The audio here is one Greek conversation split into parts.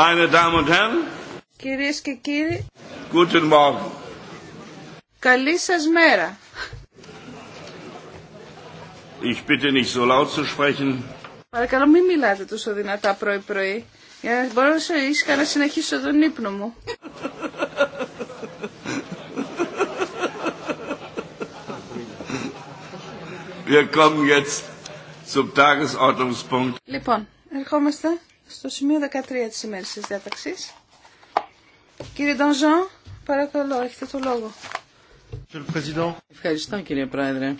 Meine Damen und Κυρίες και κύριοι. Guten Morgen. Καλή σας μέρα. Ich bitte nicht so laut zu sprechen. Παρακαλώ μην μιλάτε τόσο δυνατά πρωί-πρωί. Για να μπορώ ήσυχα να συνεχίσω τον ύπνο μου. Λοιπόν, ερχόμαστε στο σημείο 13 της ημέρας της διάταξης. Κύριε Ντονζόν, παρακαλώ, έχετε το λόγο. Ευχαριστώ κύριε Πρόεδρε.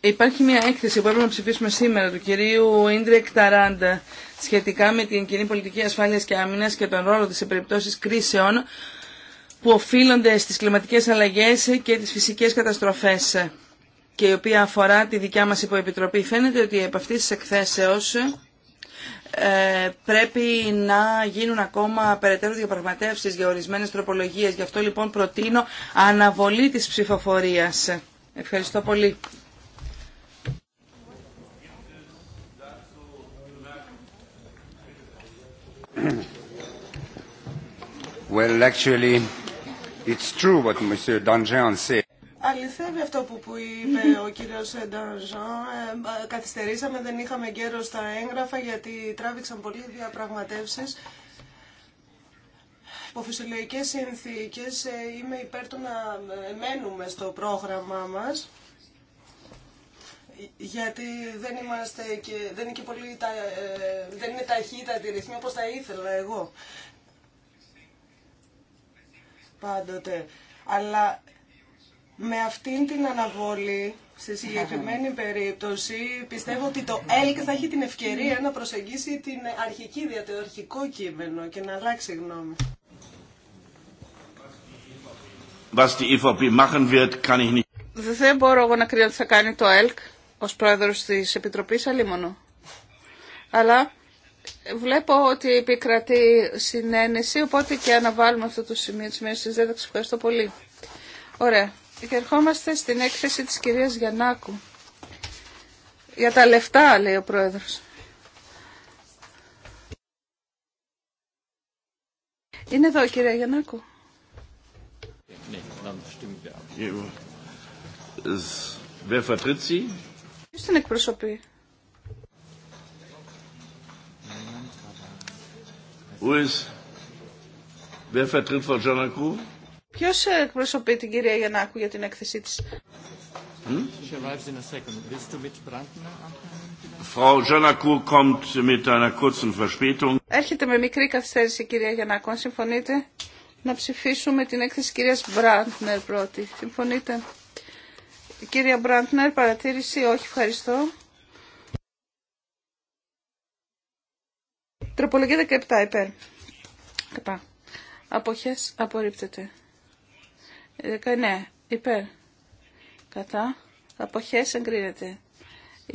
Υπάρχει μια έκθεση που έπρεπε να ψηφίσουμε σήμερα του κυρίου Ίντρικ Ταράντα σχετικά με την κοινή πολιτική ασφάλειας και άμυνας και τον ρόλο της σε περιπτώσεις κρίσεων που οφείλονται στις κλιματικές αλλαγές και τις φυσικές καταστροφές και η οποία αφορά τη δικιά μας υποεπιτροπή. Φαίνεται ότι από αυτής τη εκθέσεως ε, πρέπει να γίνουν ακόμα περαιτέρω διαπραγματεύσεις για ορισμένες τροπολογίες. Γι' αυτό λοιπόν προτείνω αναβολή της ψηφοφορίας. Ευχαριστώ πολύ. Well, actually... It's true Αληθεύει αυτό που, που είπε ο κύριος Ντανζάν. Ε, ε, καθυστερήσαμε, δεν είχαμε καιρό στα έγγραφα γιατί τράβηξαν πολλοί διαπραγματεύσεις. Υπό φυσιολογικές συνθήκες ε, είμαι υπέρ του να ε, μένουμε στο πρόγραμμά μας γιατί δεν είμαστε και δεν είναι και πολύ τα, ε, δεν είναι όπως τα ήθελα εγώ πάντοτε. Αλλά με αυτήν την αναβολή, σε συγκεκριμένη περίπτωση, πιστεύω ότι το ΕΛΚ θα έχει την ευκαιρία να προσεγγίσει την αρχική διατεωρχικό κείμενο και να αλλάξει γνώμη. Δεν μπορώ εγώ να κρίνω τι θα κάνει το ΕΛΚ ως πρόεδρος της Επιτροπής, αλίμονο. Αλλά Βλέπω ότι επικρατεί συνένεση, οπότε και αναβάλουμε αυτό το σημείο της μέρας της δένταξης. Ευχαριστώ πολύ. Ωραία. Και ερχόμαστε στην έκθεση της κυρίας Γιαννάκου. Για τα λεφτά, λέει ο πρόεδρος. Είναι εδώ, κυρία Γιαννάκου. Ποιος την εκπροσωπεί. Ποιο ε, εκπροσωπεί την κυρία Γιαννάκου για την έκθεσή τη. Hm? Έρχεται με μικρή καθυστέρηση η κυρία Γιαννάκου. Αν συμφωνείτε να ψηφίσουμε την έκθεση κυρίας Μπραντνερ πρώτη. Συμφωνείτε. Κυρία Μπραντνερ, παρατήρηση. Όχι, ευχαριστώ. Τροπολογία 17 υπέρ. Καπά. Αποχές απορρίπτεται. 19 ναι, υπέρ. Κατά. Αποχές εγκρίνεται. 1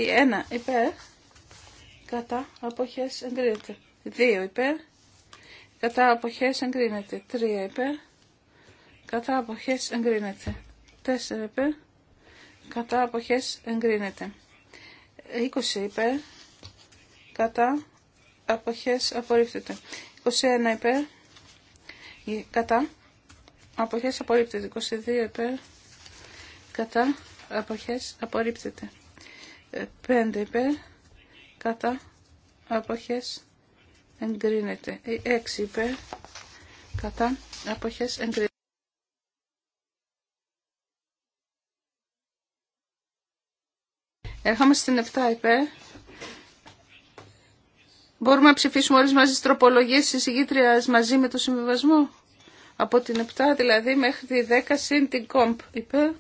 υπέρ. Κατά. Αποχές εγκρίνεται. 2 υπέρ. Κατά αποχές εγκρίνεται. 3 υπέρ. Κατά αποχές εγκρίνεται. 4 υπέρ. Κατά αποχές εγκρίνεται. 20 υπέρ. Κατά αποχές απορρίπτεται. 21 υπέρ, κατά, αποχές απορρίπτεται. 22 ε, υπέρ, κατά, αποχές απορρίπτεται. 5 υπέρ, κατά, αποχές εγκρίνεται. 6 ε, υπέρ, κατά, αποχές εγκρίνεται. Έρχομαι στην 7 υπέρ, Μπορούμε να ψηφίσουμε όλες μαζί τις τροπολογίες της εισηγήτριας μαζί με το συμβιβασμό. Από την 7 δηλαδή μέχρι τη 10 συν την κομπ. Είπε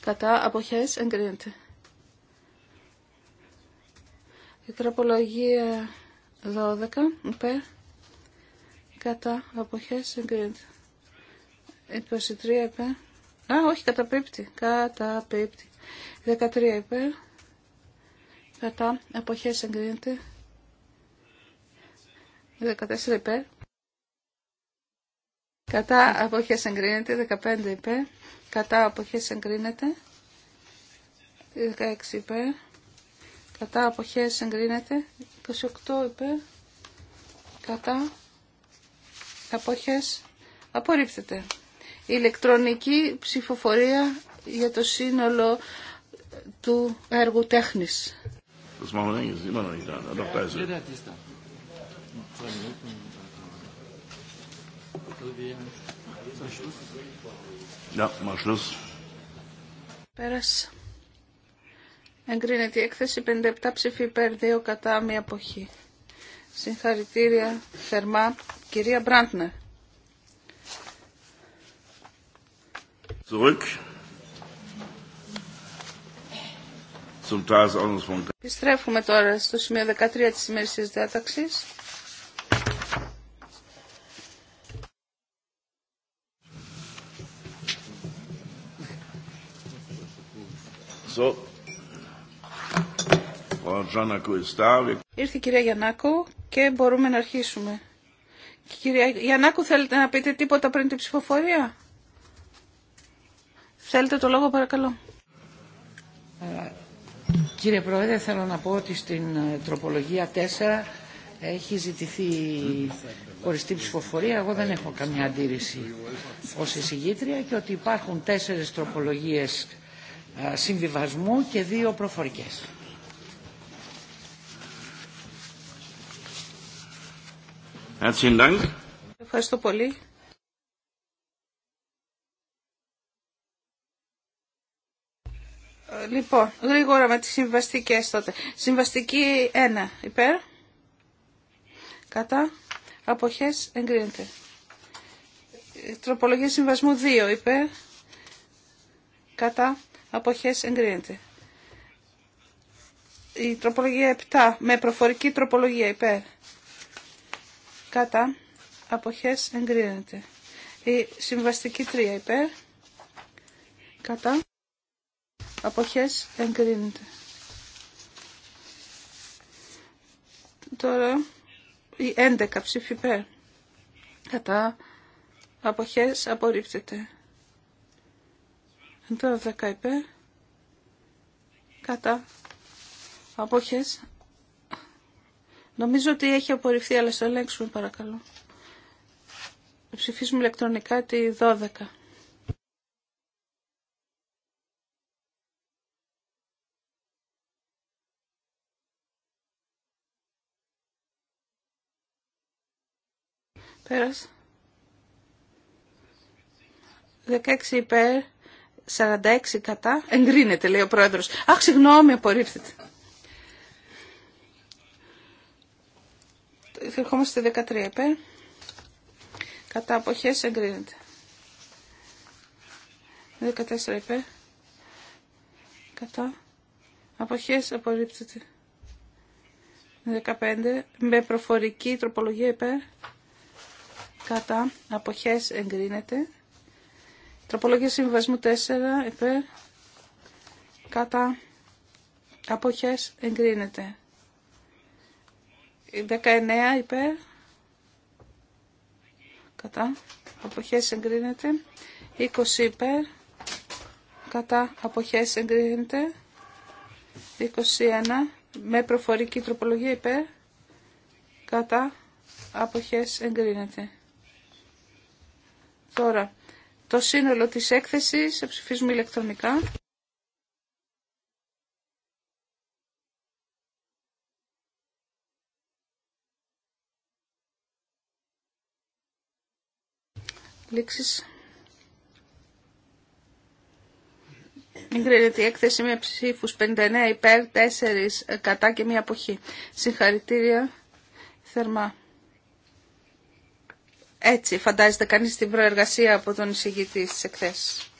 Κατά αποχές εγκρίνεται. Η τροπολογία 12 υπέρ. Κατά αποχές εγκρίνεται. 23 υπέρ. Α, όχι, καταπίπτει. Καταπίπτει. 13 είπε Κατά αποχές εγκρίνεται. 14 υπέρ. Κατά αποχές εγκρίνεται. 15 υπέρ. Κατά αποχές εγκρίνεται. 16 υπέρ. Κατά αποχές εγκρίνεται. 28 υπέρ. Κατά αποχές απορρίπτεται. ηλεκτρονική ψηφοφορία για το σύνολο του έργου τέχνης. Äh, ja, Εγκρίνεται η έκθεση 57 ψήφι υπέρ 2 κατά μία αποχή. Συγχαρητήρια θερμά κυρία Μπραντνερ. Zurück. Επιστρέφουμε τώρα στο σημείο 13 της ημερησίας διάταξης. Ήρθε η κυρία Γιαννάκου και μπορούμε να αρχίσουμε. Κυρία Γιαννάκου, θέλετε να πείτε τίποτα πριν την ψηφοφορία. Θέλετε το λόγο, παρακαλώ. Ε, κύριε Πρόεδρε, θέλω να πω ότι στην ε, τροπολογία 4 έχει ζητηθεί χωριστή ψηφοφορία. Εγώ δεν έχω καμιά αντίρρηση ως εισηγήτρια και ότι υπάρχουν τέσσερις τροπολογίες ε, συμβιβασμού και δύο προφορικές. Ευχαριστώ πολύ. Ε, λοιπόν, γρήγορα με τις συμβαστικές τότε. Συμβαστική 1, υπέρ. Κατά. Αποχές, εγκρίνεται. Ε, τροπολογία συμβασμού 2, υπέρ. Κατά αποχές εγκρίνεται. Η τροπολογία 7 με προφορική τροπολογία υπέρ. Κατά αποχέ, εγκρίνεται. Η συμβαστική 3 υπέρ. Κατά αποχέ, εγκρίνεται. Τώρα η 11 ψήφι υπέρ. Κατά απόχέ, απορρίπτεται. Τώρα 10 υπέρ. Κατά. Απόχες. Νομίζω ότι έχει απορριφθεί, αλλά στο ελέγξουμε παρακαλώ. Ψηφίσουμε ηλεκτρονικά τη 12. Πέρασε. 16 υπέρ, 46 κατά. Εγκρίνεται, λέει ο πρόεδρο. Αχ, συγγνώμη, απορρίφθηκε. Ερχόμαστε 13 επέ. Κατά αποχέ εγκρίνεται. 14 επέ. Κατά αποχές απορρίπτεται. 15 με προφορική τροπολογία επέ. Κατά αποχέ εγκρίνεται. Τροπολογία συμβασμού 4 υπέρ κατά αποχές εγκρίνεται. 19 υπέρ κατά αποχές εγκρίνεται. 20 υπέρ κατά αποχές εγκρίνεται. 21 με προφορική τροπολογία υπέρ κατά αποχές εγκρίνεται. Τώρα, το σύνολο της έκθεσης θα ψηφίσουμε ηλεκτρονικά. Λήξεις. Εγκρίνεται η έκθεση με ψήφους 59 υπέρ, 4 κατά και μία αποχή. Συγχαρητήρια θερμά. Έτσι φαντάζεται κανείς την προεργασία από τον εισηγητή στις εκθέσεις.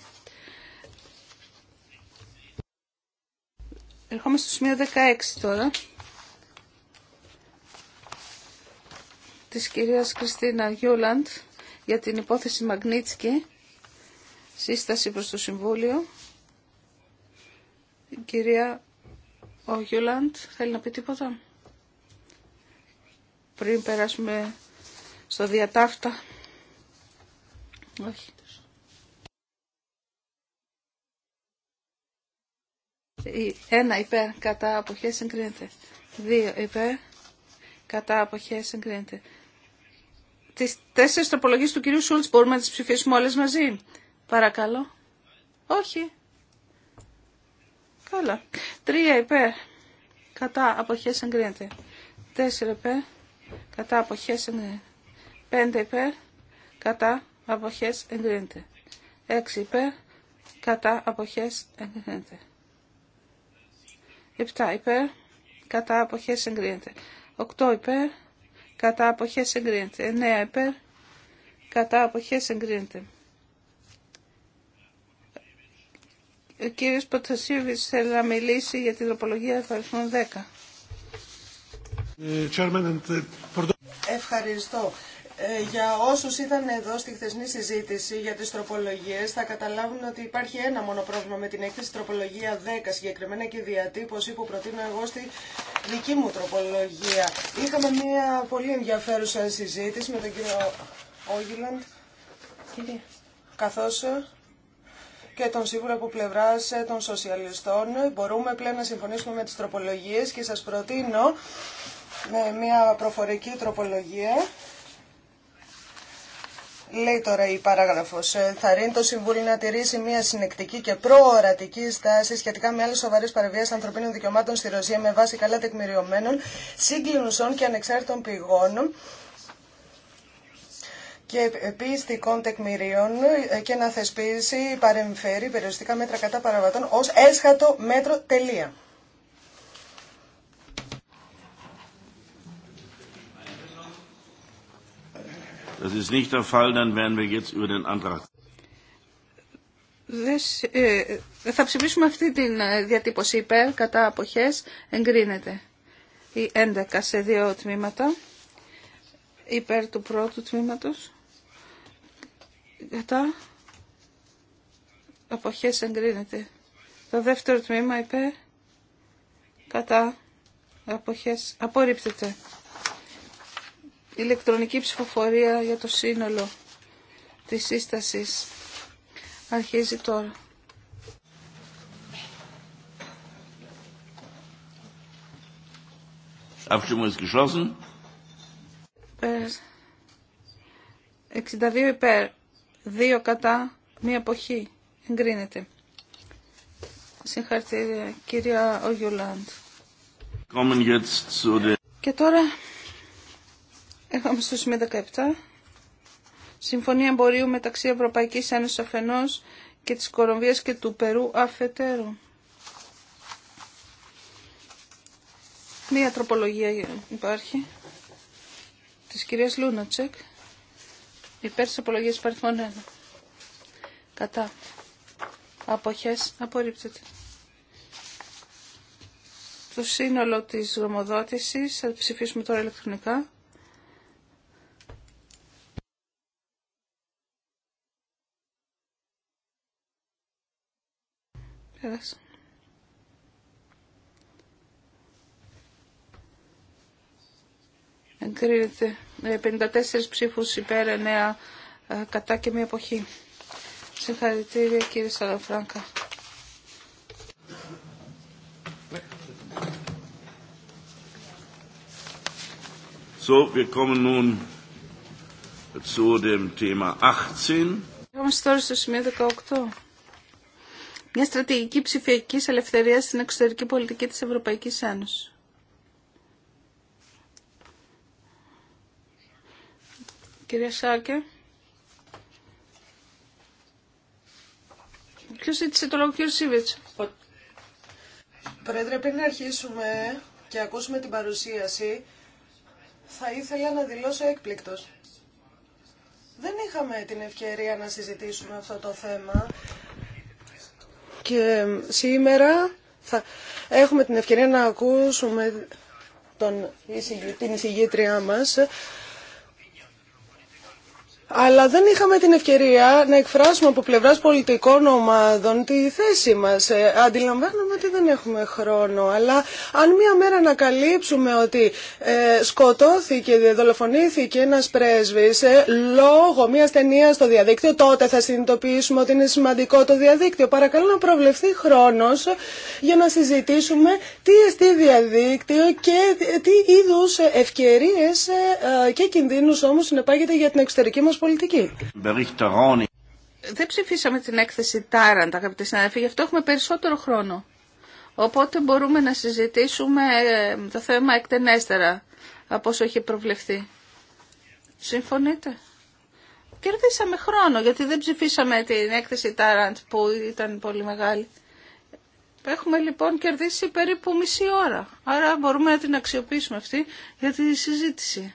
Ερχόμαστε στο σημείο 16 τώρα. Της κυρίας Κριστίνα Γιούλαντ για την υπόθεση Μαγνίτσκι. Σύσταση προς το Συμβούλιο. Η κυρία ο Γιούλαντ θέλει να πει τίποτα. Πριν περάσουμε στο διατάφτα. Όχι. Ένα υπέρ κατά αποχές εγκρίνεται. Δύο υπέρ κατά αποχές εγκρίνεται. Τις τέσσερις τροπολογίες του κυρίου Σούλτς μπορούμε να τις ψηφίσουμε όλες μαζί. Παρακαλώ. Όχι. Καλά. Τρία υπέρ κατά αποχές εγκρίνεται. Τέσσερα υπέρ κατά αποχές εγκρίνεται. 5 υπέρ, κατά αποχές εγκρίνεται. 6 υπέρ, κατά αποχές εγκρίνεται. 7 υπέρ, κατά αποχές εγκρίνεται. 8 υπέρ, κατά αποχές εγκρίνεται. 9 υπέρ, κατά αποχές εγκρίνεται. Ο κύριο Ποτασίβης θέλει να μιλήσει για την τροπολογία αριθμών 10. Ε, ε, Ευχαριστώ. Ε, για όσους ήταν εδώ στη χθεσινή συζήτηση για τις τροπολογίες θα καταλάβουν ότι υπάρχει ένα μόνο πρόβλημα με την έκθεση τροπολογία 10 συγκεκριμένα και διατύπωση που προτείνω εγώ στη δική μου τροπολογία. Είχαμε μια πολύ ενδιαφέρουσα συζήτηση με τον κύριο Όγιλαντ καθώς και τον σίγουρα από πλευρά των σοσιαλιστών μπορούμε πλέον να συμφωνήσουμε με τις τροπολογίες και σας προτείνω με μια προφορική τροπολογία Λέει τώρα η παράγραφο. Ε, Θα ρίνει το Συμβούλιο να τηρήσει μια συνεκτική και προορατική στάση σχετικά με άλλε σοβαρέ παραβίασει ανθρωπίνων δικαιωμάτων στη Ρωσία με βάση καλά τεκμηριωμένων, σύγκλινουσών και ανεξάρτητων πηγών και πιστικών τεκμηρίων και να θεσπίσει παρεμφέρει περιοριστικά μέτρα κατά παραβατών ως έσχατο μέτρο τελεία. Das ist nicht der Fall, dann werden wir jetzt über den Antrag. Ε, ε, θα ψηφίσουμε αυτή τη ε, διατύπωση υπέρ, κατά αποχές, εγκρίνεται. Η 11 σε δύο τμήματα, υπέρ του πρώτου τμήματος, κατά αποχές εγκρίνεται. Το δεύτερο τμήμα υπέρ, κατά αποχές απορρίπτεται ηλεκτρονική ψηφοφορία για το σύνολο της σύστασης αρχίζει τώρα. Abstimmung ist geschlossen. 62 υπέρ, 2 κατά, μία αποχή. Εγκρίνεται. Συγχαρητήρια, κυρία Ογιουλάντ. Και τώρα Έχαμε στο σημείο 17. Συμφωνία εμπορίου μεταξύ Ευρωπαϊκής Ένωσης αφενός και της Κολομβίας και του Περού αφετέρου. Μία τροπολογία υπάρχει της κυρίας Λούνατσεκ υπέρ της απολογίας παριθμών 1. Κατά. Αποχές απορρίπτεται. Το σύνολο της γραμμοδότησης θα ψηφίσουμε τώρα ηλεκτρονικά. αποχές. Εγκρίνεται με 54 ψήφους υπέρ 9 ε, κατά και μία εποχή. Συγχαρητήρια κύριε Σαλαφράγκα. So, wir kommen nun zu dem Thema 18. τώρα στο σημείο 18 μια στρατηγική ψηφιακή ελευθερία στην εξωτερική πολιτική της Ευρωπαϊκής Ένωσης. Κυρία Σάκε. Ποιο ζήτησε το λόγο, κύριο Σίβιτς. Πρόεδρε, πριν αρχίσουμε και ακούσουμε την παρουσίαση, θα ήθελα να δηλώσω έκπληκτος. Δεν είχαμε την ευκαιρία να συζητήσουμε αυτό το θέμα και σήμερα θα έχουμε την ευκαιρία να ακούσουμε τον, την εισηγήτριά μας αλλά δεν είχαμε την ευκαιρία να εκφράσουμε από πλευρά πολιτικών ομάδων τη θέση μας. Ε, αντιλαμβάνομαι ότι δεν έχουμε χρόνο, αλλά αν μία μέρα ανακαλύψουμε ότι ε, σκοτώθηκε, δολοφονήθηκε ένας πρέσβης ε, λόγω μια ταινία στο διαδίκτυο, τότε θα συνειδητοποιήσουμε ότι είναι σημαντικό το διαδίκτυο. Παρακαλώ να προβλεφθεί χρόνο για να συζητήσουμε τι εστί διαδίκτυο και τι είδους ευκαιρίες και κινδύνους όμω συνεπάγεται για την εξωτερική μα πολιτική πολιτική. Δεν ψηφίσαμε την έκθεση Τάραντ, αγαπητοί συνάδελφοι, γι' αυτό έχουμε περισσότερο χρόνο. Οπότε μπορούμε να συζητήσουμε ε, το θέμα εκτενέστερα από όσο έχει προβλεφθεί. Συμφωνείτε. Κερδίσαμε χρόνο γιατί δεν ψηφίσαμε την έκθεση Τάραντ που ήταν πολύ μεγάλη. Έχουμε λοιπόν κερδίσει περίπου μισή ώρα. Άρα μπορούμε να την αξιοποιήσουμε αυτή για τη συζήτηση.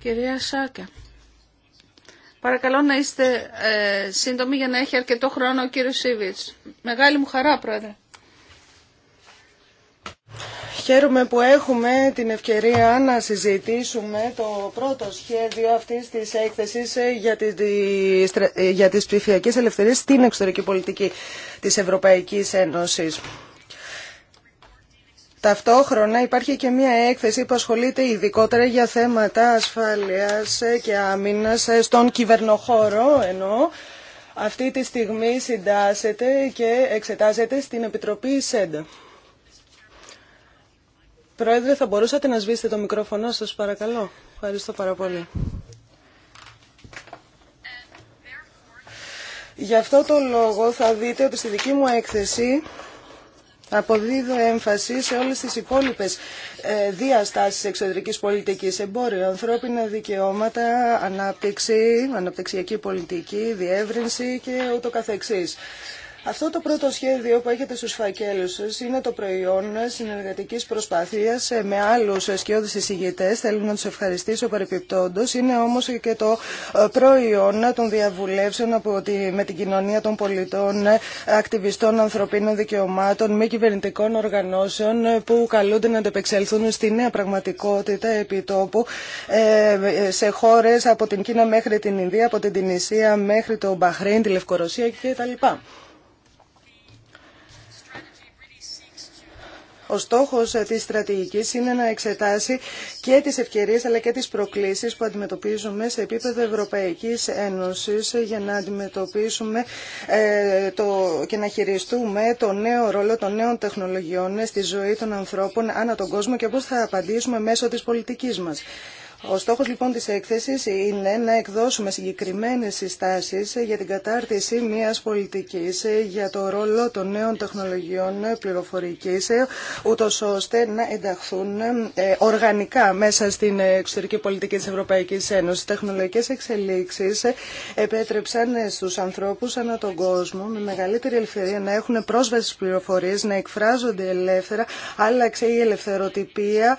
Κυρία Σάκε, παρακαλώ να είστε ε, σύντομοι για να έχει αρκετό χρόνο ο κύριος Σίβιτς. Μεγάλη μου χαρά, πρόεδρε. Χαίρομαι που έχουμε την ευκαιρία να συζητήσουμε το πρώτο σχέδιο αυτής της έκθεσης ε, ε, για τις, για τις ελευθερίες στην εξωτερική πολιτική της Ευρωπαϊκής Ένωσης. Ταυτόχρονα υπάρχει και μια έκθεση που ασχολείται ειδικότερα για θέματα ασφάλειας και άμυνας στον κυβερνοχώρο ενώ αυτή τη στιγμή συντάσσεται και εξετάζεται στην Επιτροπή ΣΕΝΤΑ. Πρόεδρε, θα μπορούσατε να σβήσετε το μικρόφωνο σας, παρακαλώ. Ευχαριστώ πάρα πολύ. Γι' αυτό το λόγο θα δείτε ότι στη δική μου έκθεση αποδίδω έμφαση σε όλες τις υπόλοιπες ε, διαστάσεις εξωτερικής πολιτικής, εμπόριο, ανθρώπινα δικαιώματα, ανάπτυξη, αναπτυξιακή πολιτική, διεύρυνση και ούτω καθεξής. Αυτό το πρώτο σχέδιο που έχετε στους φακέλους σας είναι το προϊόν συνεργατικής προσπάθειας ε, με άλλους σκιώδεις εισηγητές. Θέλω να τους ευχαριστήσω παρεπιπτόντως. Είναι όμως και το ε, προϊόν των διαβουλεύσεων από με την κοινωνία των πολιτών, ε, ακτιβιστών ανθρωπίνων δικαιωμάτων, μη κυβερνητικών οργανώσεων που καλούνται να αντεπεξέλθουν στη νέα πραγματικότητα επιτόπου σε χώρες από την Κίνα μέχρι την Ινδία, από την Τινησία μέχρι το Μπαχρέιν, τη Λευκορωσία κτλ. Ο στόχο ε, της στρατηγικής είναι να εξετάσει και τις ευκαιρίε, αλλά και τις προκλήσεις που αντιμετωπίζουμε σε επίπεδο Ευρωπαϊκής Ένωση, ε, για να αντιμετωπίσουμε ε, το, και να χειριστούμε το νέο ρόλο των νέων τεχνολογιών στη ζωή των ανθρώπων ανά τον κόσμο και πώς θα απαντήσουμε μέσω της πολιτικής μας. Ο στόχος λοιπόν της έκθεσης είναι να εκδώσουμε συγκεκριμένες συστάσεις για την κατάρτιση μιας πολιτικής για το ρόλο των νέων τεχνολογιών πληροφορικής ούτως ώστε να ενταχθούν ε, οργανικά μέσα στην εξωτερική πολιτική της Ευρωπαϊκής Ένωσης. τεχνολογικές εξελίξεις επέτρεψαν στους ανθρώπους ανά τον κόσμο με μεγαλύτερη ελευθερία να έχουν πρόσβαση στις πληροφορίες, να εκφράζονται ελεύθερα, άλλαξε η ελευθεροτυπία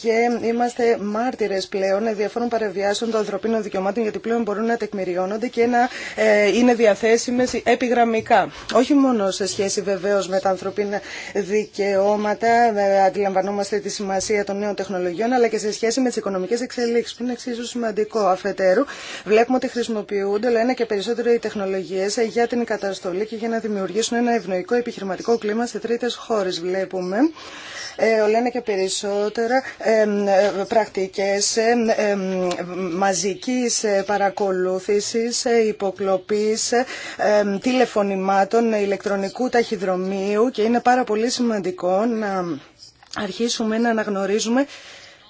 και είμαστε μάρτυρες πλέον διαφόρων παρεμβιάσεων των ανθρωπίνων δικαιωμάτων, γιατί πλέον μπορούν να τεκμηριώνονται και να ε, είναι διαθέσιμε επιγραμμικά. Όχι μόνο σε σχέση βεβαίω με τα ανθρωπίνα δικαιώματα, ε, αντιλαμβανόμαστε τη σημασία των νέων τεχνολογιών, αλλά και σε σχέση με τι οικονομικέ εξελίξει, που είναι εξίσου σημαντικό αφετέρου. Βλέπουμε ότι χρησιμοποιούνται όλο ένα και περισσότερο οι τεχνολογίε ε, για την καταστολή και για να δημιουργήσουν ένα ευνοϊκό επιχειρηματικό κλίμα σε τρίτε χώρε. Βλέπουμε ε, όλο και περισσότερα ε, πρακτικές μαζικής ε, παρακολούθησης, ε, υποκλοπής, ε, τηλεφωνημάτων, ηλεκτρονικού ταχυδρομείου και είναι πάρα πολύ σημαντικό να αρχίσουμε να αναγνωρίζουμε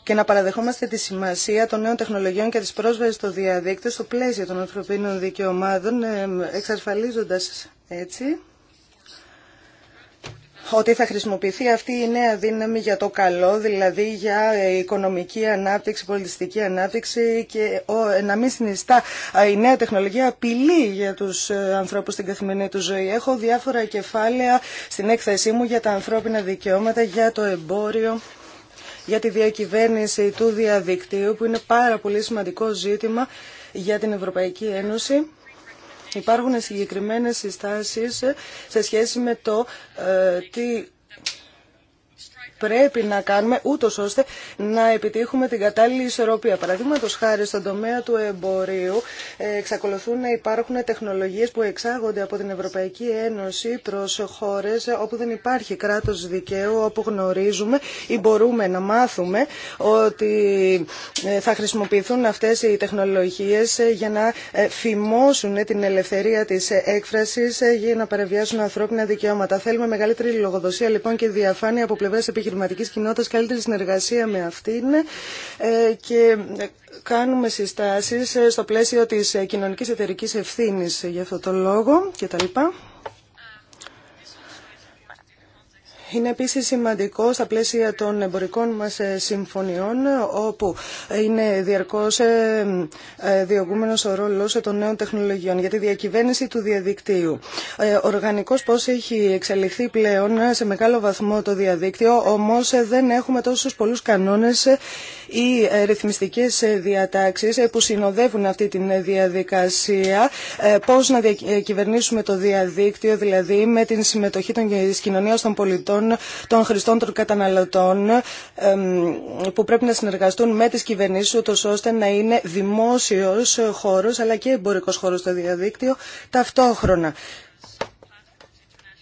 και να παραδεχόμαστε τη σημασία των νέων τεχνολογιών και της πρόσβασης στο διαδίκτυο στο πλαίσιο των ανθρωπίνων δικαιωμάτων, εξασφαλίζοντας έτσι ότι θα χρησιμοποιηθεί αυτή η νέα δύναμη για το καλό, δηλαδή για οικονομική ανάπτυξη, πολιτιστική ανάπτυξη και να μην συνιστά η νέα τεχνολογία απειλή για τους ε, ανθρώπους στην καθημερινή του ζωή. Έχω διάφορα κεφάλαια στην έκθεσή μου για τα ανθρώπινα δικαιώματα, για το εμπόριο για τη διακυβέρνηση του διαδικτύου, που είναι πάρα πολύ σημαντικό ζήτημα για την Ευρωπαϊκή Ένωση. Υπάρχουν συγκεκριμένες συστάσεις σε σχέση με το ε, τι πρέπει να κάνουμε ούτω ώστε να επιτύχουμε την κατάλληλη ισορροπία. Παραδείγματο χάρη στον τομέα του εμπορίου εξακολουθούν να υπάρχουν τεχνολογίε που εξάγονται από την Ευρωπαϊκή Ένωση προ χώρε όπου δεν υπάρχει κράτο δικαίου, όπου γνωρίζουμε ή μπορούμε να μάθουμε ότι ε, θα χρησιμοποιηθούν αυτέ οι τεχνολογίε για να ε, φημώσουν την ελευθερία τη έκφραση ε, για να παρεμβιάσουν ανθρώπινα δικαιώματα. Θέλουμε μεγαλύτερη λογοδοσία λοιπόν και διαφάνεια από πλευρά επιχειρήσεων επιχειρηματικής κοινότητας, καλύτερη συνεργασία με αυτήν ε, και κάνουμε συστάσει ε, στο πλαίσιο τη ε, Κοινωνική Εταιρική Ευθύνη για αυτό το λόγο κτλ. Είναι επίσης σημαντικό στα πλαίσια των εμπορικών μας ε, συμφωνιών όπου είναι διαρκώς ε, ε, διωγούμενος ο ρόλος των νέων τεχνολογιών για τη διακυβέρνηση του διαδικτύου. Οργανικός πώς έχει εξελιχθεί πλέον σε μεγάλο βαθμό το διαδίκτυο όμως δεν έχουμε τόσους πολλούς κανόνες ή ρυθμιστικές διατάξεις που συνοδεύουν αυτή τη διαδικασία. Πώς να διακυβερνήσουμε το διαδίκτυο δηλαδή με την συμμετοχή των κοινωνίας των πολιτών των χρηστών των καταναλωτών που πρέπει να συνεργαστούν με τις κυβερνήσεις ούτως ώστε να είναι δημόσιος χώρος αλλά και εμπορικός χώρος στο διαδίκτυο ταυτόχρονα.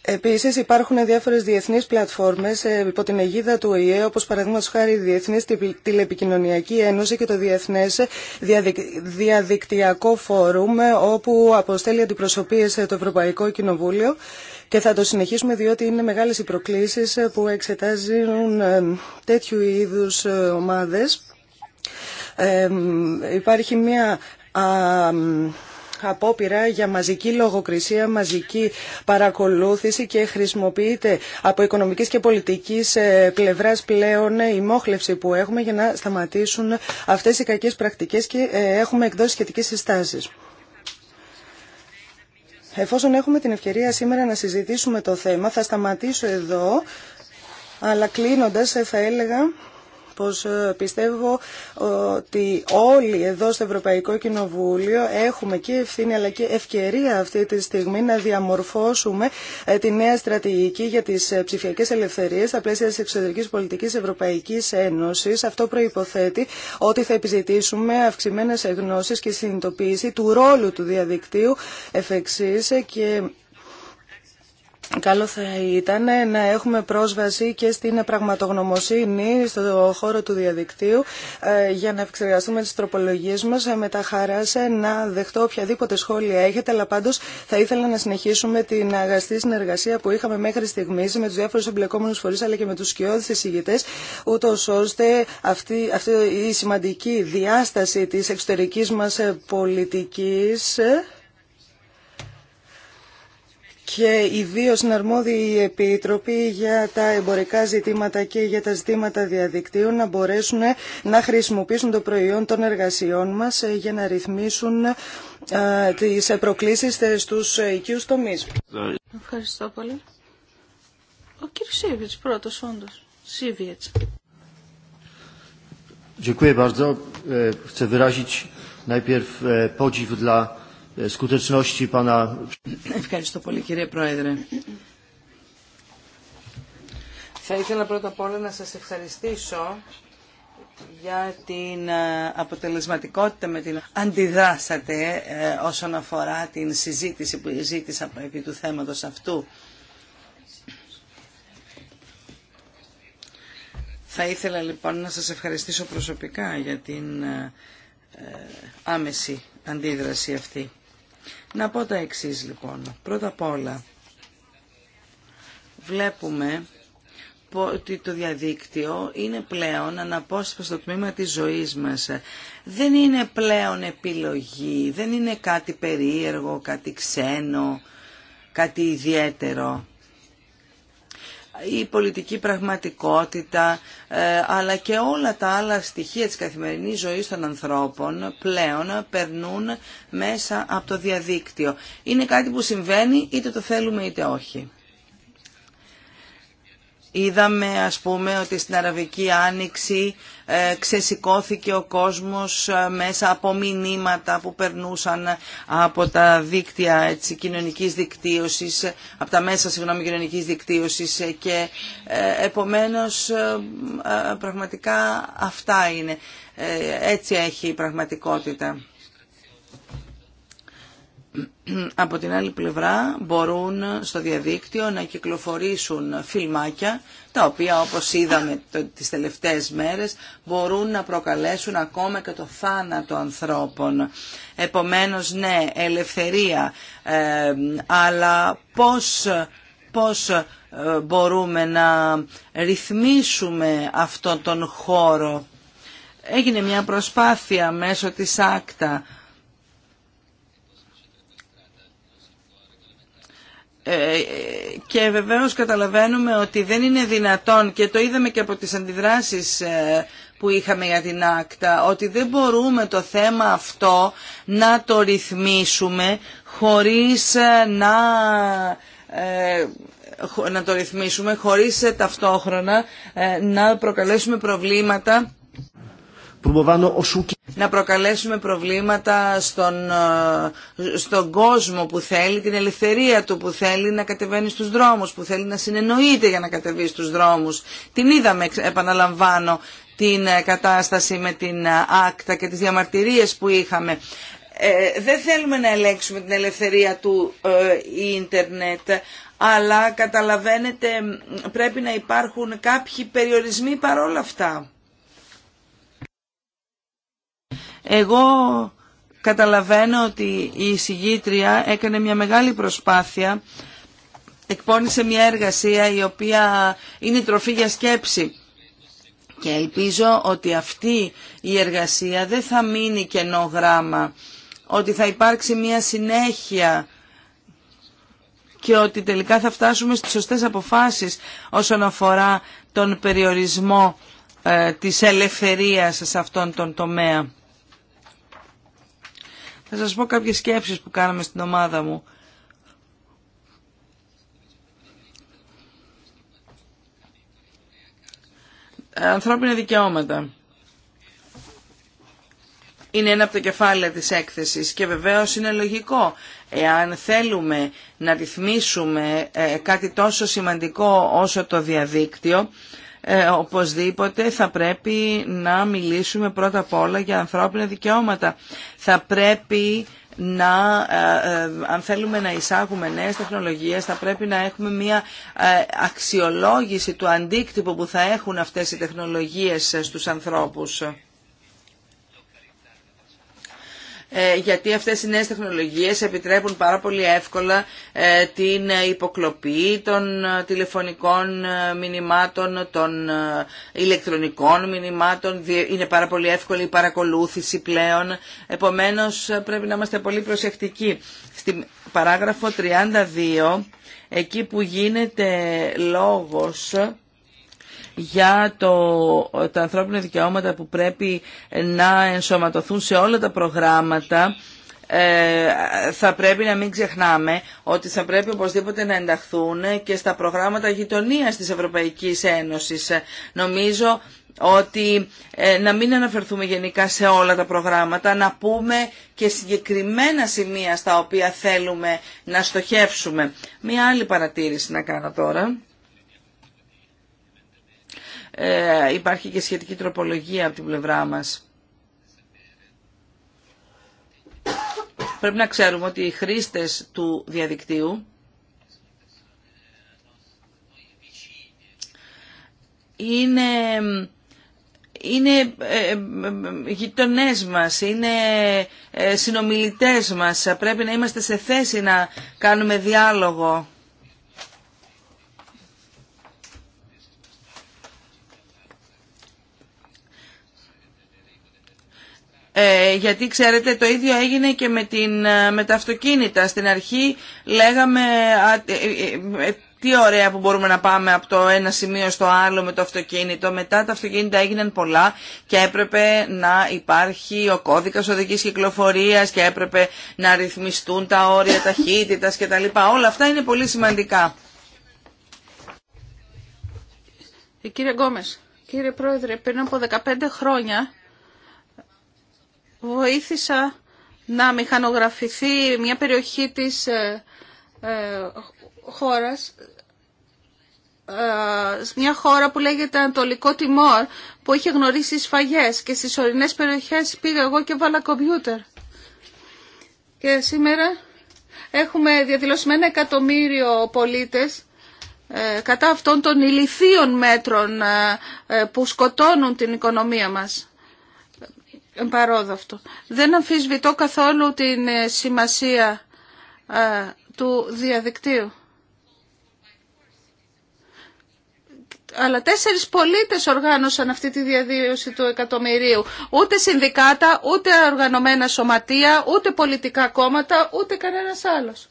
Επίσης υπάρχουν διάφορες διεθνείς πλατφόρμες ε, υπό την αιγίδα του ΟΗΕ, όπως παραδείγματο χάρη η Διεθνής Τηλεπικοινωνιακή Ένωση και το Διεθνές Διαδικτυακό Φόρουμ, όπου αποστέλει αντιπροσωπείε το Ευρωπαϊκό Κοινοβούλιο και θα το συνεχίσουμε διότι είναι μεγάλες οι προκλήσεις που εξετάζουν ε, τέτοιου είδους ε, ομάδε. υπάρχει μια απόπειρα για μαζική λογοκρισία, μαζική παρακολούθηση και χρησιμοποιείται από οικονομικής και πολιτικής ε, πλευράς πλέον η μόχλευση που έχουμε για να σταματήσουν αυτές οι κακές πρακτικές και ε, έχουμε εκδώσει σχετικές συστάσεις. Εφόσον έχουμε την ευκαιρία σήμερα να συζητήσουμε το θέμα, θα σταματήσω εδώ, αλλά κλείνοντας ε, θα έλεγα πως ε, πιστεύω ότι όλοι εδώ στο Ευρωπαϊκό Κοινοβούλιο έχουμε και ευθύνη αλλά και ευκαιρία αυτή τη στιγμή να διαμορφώσουμε ε, τη νέα στρατηγική για τις ε, ψηφιακές ελευθερίες στα πλαίσια της εξωτερικής πολιτικής Ευρωπαϊκής Ένωσης. Αυτό προϋποθέτει ότι θα επιζητήσουμε αυξημένες γνώσεις και συνειδητοποίηση του ρόλου του διαδικτύου εφ' και Καλό θα ήταν να έχουμε πρόσβαση και στην πραγματογνωμοσύνη στο χώρο του διαδικτύου ε, για να επεξεργαστούμε τις τροπολογίες μας. Ε, με τα χαρά σε να δεχτώ οποιαδήποτε σχόλια έχετε, αλλά πάντως θα ήθελα να συνεχίσουμε την αγαστή συνεργασία που είχαμε μέχρι στιγμής με τους διάφορους εμπλεκόμενους φορείς αλλά και με τους σκιώδεις εισηγητές, ούτως ώστε αυτή, αυτή η σημαντική διάσταση της εξωτερικής μας ε, πολιτικής και ιδίως στην αρμόδιοι επίτροποι για τα εμπορικά ζητήματα και για τα ζητήματα διαδικτύου να μπορέσουν να χρησιμοποιήσουν το προϊόν των εργασιών μας ε, για να ρυθμίσουν ε, τις προκλήσεις ε, στους οικείους τομείς. Ευχαριστώ πολύ. Ο Σίβιτς, πρώτος όντως. Σίβιτς. Dziękuję bardzo. Chcę wyrazić najpierw podziw dla E, Ευχαριστώ πολύ κύριε Πρόεδρε. Θα ήθελα πρώτα απ' όλα να σας ευχαριστήσω για την ε, αποτελεσματικότητα με την αντιδράσατε ε, όσον αφορά την συζήτηση που ζήτησα επί του θέματος αυτού. Θα ήθελα λοιπόν να σας ευχαριστήσω προσωπικά για την ε, άμεση αντίδραση αυτή. Να πω τα εξής λοιπόν. Πρώτα απ' όλα, βλέπουμε ότι το διαδίκτυο είναι πλέον αναπόσπαστο τμήμα της ζωής μας. Δεν είναι πλέον επιλογή, δεν είναι κάτι περίεργο, κάτι ξένο, κάτι ιδιαίτερο η πολιτική πραγματικότητα, ε, αλλά και όλα τα άλλα στοιχεία της καθημερινής ζωής των ανθρώπων πλέον περνούν μέσα από το διαδίκτυο. Είναι κάτι που συμβαίνει είτε το θέλουμε είτε όχι. Είδαμε ας πούμε ότι στην Αραβική Άνοιξη ε, ξεσηκώθηκε ο κόσμος ε, μέσα από μηνύματα που περνούσαν από τα δίκτυα έτσι, κοινωνικής δικτύωσης, ε, από τα μέσα συγγνώμη, κοινωνικής δικτύωσης και επομένως πραγματικά αυτά είναι. Έτσι έχει η πραγματικότητα από την άλλη πλευρά μπορούν στο διαδίκτυο να κυκλοφορήσουν φιλμάκια τα οποία όπως είδαμε τις τελευταίες μέρες μπορούν να προκαλέσουν ακόμα και το θάνατο ανθρώπων. Επομένως ναι, ελευθερία, ε, αλλά πώς, πώς ε, μπορούμε να ρυθμίσουμε αυτόν τον χώρο. Έγινε μια προσπάθεια μέσω της άκτα Ε, και βεβαίως καταλαβαίνουμε ότι δεν είναι δυνατόν και το είδαμε και από τις αντιδράσεις ε, που είχαμε για την άκτα ότι δεν μπορούμε το θέμα αυτό να το ρυθμίσουμε χωρίς ε, να να το ρυθμίσουμε χωρίς ταυτόχρονα να προκαλέσουμε προβλήματα να προκαλέσουμε προβλήματα στον, ε, στον κόσμο που θέλει την ελευθερία του, που θέλει να κατεβαίνει στους δρόμους, που θέλει να συνεννοείται για να κατεβεί στους δρόμους. Την είδαμε, επαναλαμβάνω, την ε, κατάσταση με την ε, άκτα και τις διαμαρτυρίες που είχαμε. δεν θέλουμε να ελέγξουμε την ελευθερία του ίντερνετ, αλλά καταλαβαίνετε πρέπει να υπάρχουν κάποιοι περιορισμοί παρόλα αυτά. Εγώ καταλαβαίνω ότι η συγγήτρια έκανε μια μεγάλη προσπάθεια, εκπώνησε μια εργασία η οποία είναι τροφή για σκέψη. Και ελπίζω ότι αυτή η εργασία δεν θα μείνει κενό γράμμα, ότι θα υπάρξει μια συνέχεια και ότι τελικά θα φτάσουμε στις σωστές αποφάσεις όσον αφορά τον περιορισμό ε, της ελευθερίας σε αυτόν τον τομέα. Θα σας πω κάποιες σκέψεις που κάναμε στην ομάδα μου. Ανθρώπινα δικαιώματα. Είναι ένα από τα κεφάλαια της έκθεσης και βεβαίως είναι λογικό. Εάν θέλουμε να ρυθμίσουμε ε, κάτι τόσο σημαντικό όσο το διαδίκτυο, ε, οπωσδήποτε θα πρέπει να μιλήσουμε πρώτα απ' όλα για ανθρώπινα δικαιώματα. Θα πρέπει να, ε, ε, αν θέλουμε να εισάγουμε νέες τεχνολογίες, θα πρέπει να έχουμε μια αξιολόγηση του αντίκτυπου που θα έχουν αυτές οι τεχνολογίες στους ανθρώπους. Ε, γιατί αυτές οι νέες τεχνολογίες επιτρέπουν πάρα πολύ εύκολα ε, την υποκλοπή των ε, τηλεφωνικών μηνυμάτων, των ηλεκτρονικών μηνυμάτων, είναι πάρα πολύ εύκολη η παρακολούθηση πλέον, επομένως πρέπει να είμαστε πολύ προσεκτικοί. Στην παράγραφο 32, εκεί που γίνεται λόγος για το, τα ανθρώπινα δικαιώματα που πρέπει να ενσωματωθούν σε όλα τα προγράμματα ε, θα πρέπει να μην ξεχνάμε ότι θα πρέπει οπωσδήποτε να ενταχθούν και στα προγράμματα γειτονίας της Ευρωπαϊκής Ένωσης. Νομίζω ότι ε, να μην αναφερθούμε γενικά σε όλα τα προγράμματα, να πούμε και συγκεκριμένα σημεία στα οποία θέλουμε να στοχεύσουμε. Μία άλλη παρατήρηση να κάνω τώρα. Ε, υπάρχει και σχετική τροπολογία από την πλευρά μας. Πρέπει να ξέρουμε ότι οι χρήστες του διαδικτύου είναι είναι ε, ε, γειτονέ μας, είναι συνομιλητές μας. Πρέπει να είμαστε σε θέση να κάνουμε διάλογο. Ε, γιατί ξέρετε το ίδιο έγινε και με, την, ε, με τα αυτοκίνητα. Στην αρχή λέγαμε ε, τι ωραία που μπορούμε να πάμε από το ένα σημείο στο άλλο με το αυτοκίνητο. Μετά τα αυτοκίνητα έγιναν πολλά και έπρεπε να υπάρχει ο κώδικας οδικής κυκλοφορίας και έπρεπε να ρυθμιστούν τα όρια ταχύτητας κτλ. Όλα αυτά είναι πολύ σημαντικά. Κύριε Γκόμες, κύριε Πρόεδρε, πριν από 15 χρόνια βοήθησα να μηχανογραφηθεί μια περιοχή της ε, ε χώρας, ε, μια χώρα που λέγεται Ανατολικό Τιμόρ, που είχε γνωρίσει σφαγές και στις ορεινές περιοχές πήγα εγώ και βάλα κομπιούτερ. Και σήμερα έχουμε διαδηλωσμένα εκατομμύριο πολίτες ε, κατά αυτών των ηλιθείων μέτρων που σκοτώνουν την οικονομία μας. Δεν αμφισβητώ καθόλου την ε, σημασία ε, του διαδικτύου. αλλά τέσσερις πολίτες οργάνωσαν αυτή τη διαδίωση του εκατομμυρίου. Ούτε συνδικάτα, ούτε οργανωμένα σωματεία, ούτε πολιτικά κόμματα, ούτε κανένας άλλος.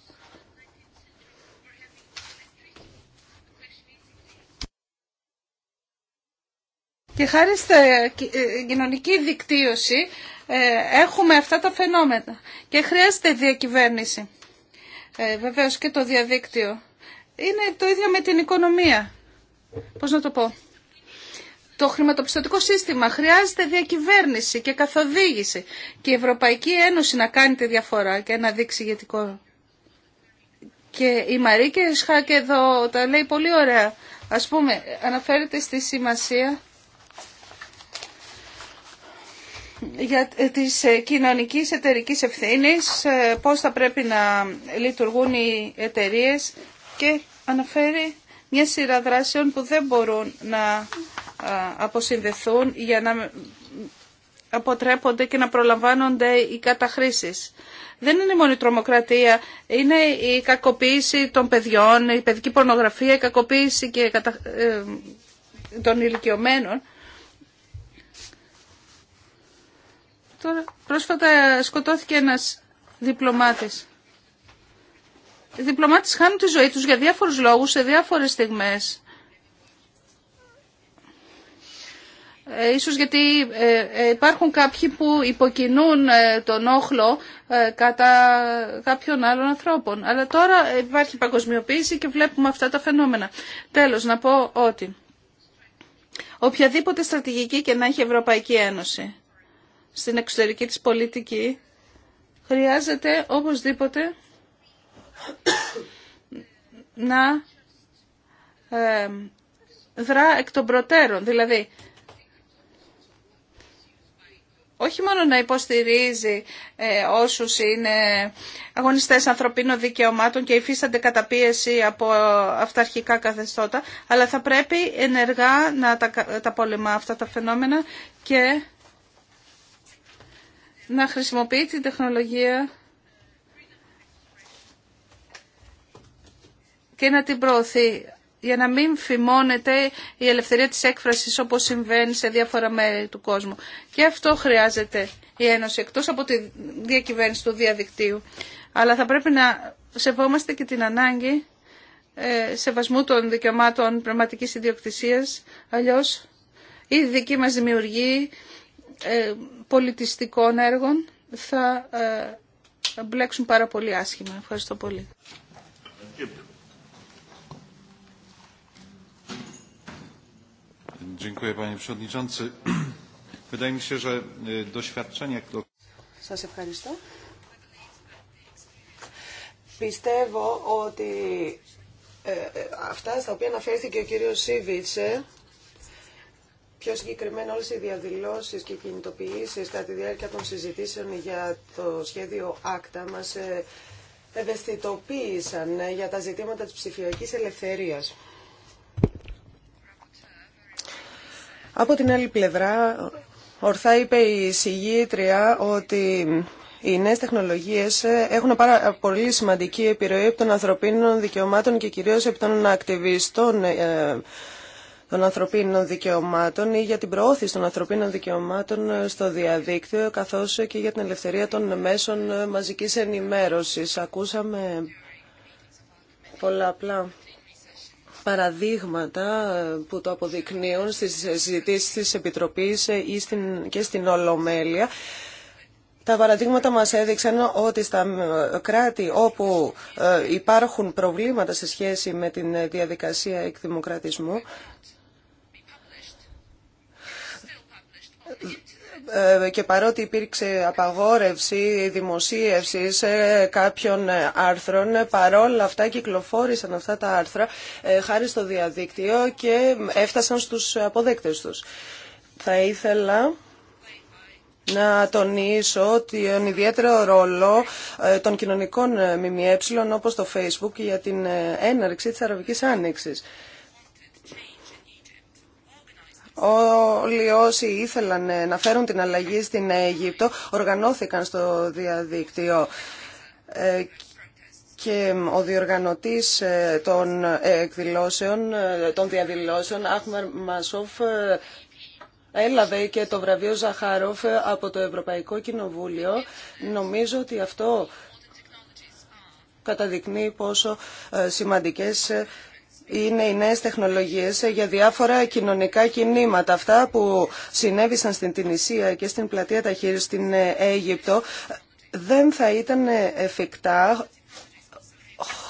Και χάρη στην ε, ε, κοινωνική δικτύωση ε, έχουμε αυτά τα φαινόμενα και χρειάζεται διακυβέρνηση. Ε, βεβαίως και το διαδίκτυο. Είναι το ίδιο με την οικονομία. Πώς να το πω. Το χρηματοπιστωτικό σύστημα χρειάζεται διακυβέρνηση και καθοδήγηση και η Ευρωπαϊκή Ένωση να κάνει τη διαφορά και να δείξει ηγετικό. Και η Μαρίκη Σχάκ εδώ τα λέει πολύ ωραία. Ας πούμε, αναφέρεται στη σημασία για ε, τις ε, κοινωνικής εταιρικής ευθύνης, ε, πώς θα πρέπει να λειτουργούν οι εταιρείες και αναφέρει μια σειρά δράσεων που δεν μπορούν να αποσυνδεθούν για να αποτρέπονται και να προλαμβάνονται οι καταχρήσεις. Δεν είναι μόνο η τρομοκρατία, είναι η κακοποίηση των παιδιών, η παιδική πορνογραφία, η κακοποίηση και των ηλικιωμένων. Τώρα πρόσφατα σκοτώθηκε ένας διπλωμάτης. Οι διπλωμάτες χάνουν τη ζωή τους για διάφορους λόγους, σε διάφορες στιγμές. Ε, ίσως γιατί ε, ε, υπάρχουν κάποιοι που υποκινούν τον όχλο κατά κάποιων άλλων ανθρώπων. Αλλά τώρα υπάρχει παγκοσμιοποίηση και βλέπουμε αυτά τα φαινόμενα. Τέλος, να πω ότι οποιαδήποτε στρατηγική και να έχει Ευρωπαϊκή Ένωση στην εξωτερική της πολιτική, χρειάζεται οπωσδήποτε να δρά εκ των προτέρων. Δηλαδή, όχι μόνο να υποστηρίζει ε, όσους είναι αγωνιστές ανθρωπίνων δικαιωμάτων και υφίστανται καταπίεση από αυταρχικά καθεστώτα, αλλά θα πρέπει ενεργά να τα πολεμά αυτά τα φαινόμενα και να χρησιμοποιεί την τεχνολογία και να την προωθεί για να μην φημώνεται η ελευθερία της έκφρασης όπως συμβαίνει σε διάφορα μέρη του κόσμου. Και αυτό χρειάζεται η Ένωση, εκτός από τη διακυβέρνηση του διαδικτύου. Αλλά θα πρέπει να σεβόμαστε και την ανάγκη ε, σεβασμού των δικαιωμάτων πνευματικής ιδιοκτησίας, αλλιώς η δική μας δημιουργή ε, πολιτιστικών έργων θα ε, μπλέξουν πάρα πολύ άσχημα. Ευχαριστώ πολύ. E, Σας ευχαριστώ. Πιστεύω ότι ε, ε, αυτά στα οποία αναφέρθηκε ο κύριος Σίβιτσε Πιο συγκεκριμένα όλες οι διαδηλώσεις και κινητοποιήσεις κατά τη διάρκεια των συζητήσεων για το σχέδιο ΑΚΤΑ μας ε, ευαισθητοποίησαν ε, για τα ζητήματα της ψηφιακής ελευθερίας. Από την άλλη πλευρά, ορθά είπε η συγγήτρια ότι οι νέες τεχνολογίες ε, έχουν πάρα πολύ σημαντική επιρροή από των ανθρωπίνων δικαιωμάτων και κυρίως από των ακτιβιστών των ανθρωπίνων δικαιωμάτων ή για την προώθηση των ανθρωπίνων δικαιωμάτων ε, στο διαδίκτυο, καθώς και για την ελευθερία των μέσων ε, μαζικής ενημέρωσης. Ακούσαμε πολλά απλά παραδείγματα ε, που το αποδεικνύουν στις συζητήσεις της Επιτροπής και στην Ολομέλεια. Τα παραδείγματα μας έδειξαν ότι στα κράτη όπου υπάρχουν προβλήματα σε σχέση με την διαδικασία εκδημοκρατισμού Ε, και παρότι υπήρξε απαγόρευση δημοσίευσης ε, κάποιων άρθρων, παρόλα αυτά κυκλοφόρησαν αυτά τα άρθρα ε, χάρη στο διαδίκτυο και έφτασαν στους αποδέκτες τους. Θα ήθελα να τονίσω ότι τον ιδιαίτερο ρόλο των κοινωνικών ΜΜΕ όπως το Facebook για την έναρξη της Αραβικής Άνοιξης. Όλοι όσοι ήθελαν ε, να φέρουν την αλλαγή στην Αίγυπτο οργανώθηκαν στο διαδίκτυο ε, και ο διοργανωτής ε, των εκδηλώσεων, των διαδηλώσεων, Αχμαρ Μασόφ, έλαβε και το βραβείο Ζαχάροφ από το Ευρωπαϊκό Κοινοβούλιο. Νομίζω ότι αυτό καταδεικνύει πόσο σημαντικές είναι οι νέες τεχνολογίες για διάφορα κοινωνικά κινήματα. Αυτά που συνέβησαν στην Τινησία και στην πλατεία Ταχύρις στην ε, Αίγυπτο δεν θα ήταν εφικτά